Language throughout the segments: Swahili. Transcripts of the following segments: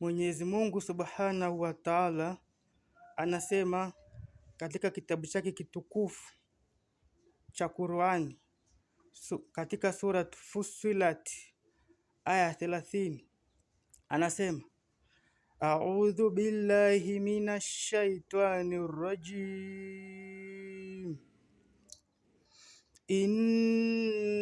Mwenyezi Mungu Subhanahu wa Ta'ala anasema katika kitabu chake kitukufu cha Qur'ani su, katika sura Fussilat aya 30 anasema A'udhu billahi minash shaitani rajim In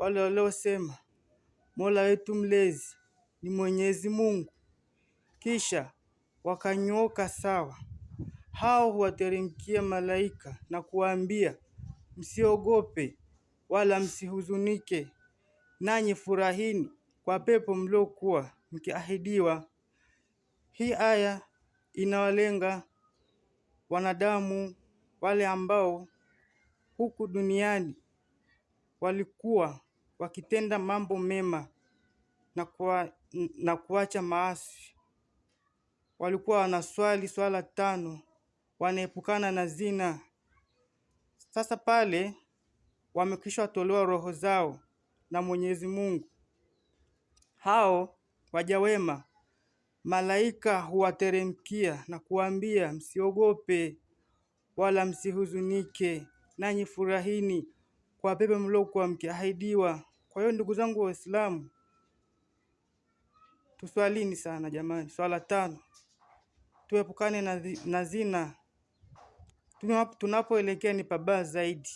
wale waliosema Mola wetu mlezi ni Mwenyezi Mungu, kisha wakanyooka sawa. Hao huwateremkia malaika na kuwaambia, msiogope wala msihuzunike, nanyi furahini kwa pepo mliokuwa mkiahidiwa. Hii aya inawalenga wanadamu wale ambao huku duniani walikuwa wakitenda mambo mema na, kuwa, na kuacha maasi. Walikuwa wanaswali swala tano, wanaepukana na zina. Sasa pale wamekwisha tolewa roho zao na Mwenyezi Mungu. Hao waja wema malaika huwateremkia na kuambia, msiogope wala msihuzunike, nanyi furahini kwa pepe mlokuwa mkiahidiwa. Kwa hiyo ndugu zangu Waislamu, tuswalini sana jamani. Swala tano, tuepukane na zina. Tunapoelekea ni pabaya zaidi.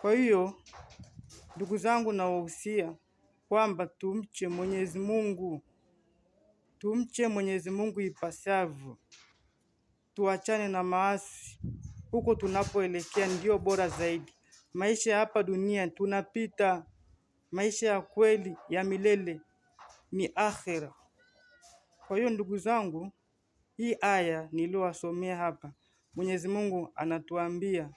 Kwa hiyo ndugu zangu, nawahusia kwamba tumche Mwenyezi Mungu, tumche Mwenyezi Mungu ipasavyo, tuachane na maasi. Huko tunapoelekea ndio bora zaidi. Maisha hapa dunia tunapita, maisha ya kweli ya milele ni akhira Kwa hiyo ndugu zangu, hii aya niliyowasomea hapa Mwenyezi Mungu anatuambia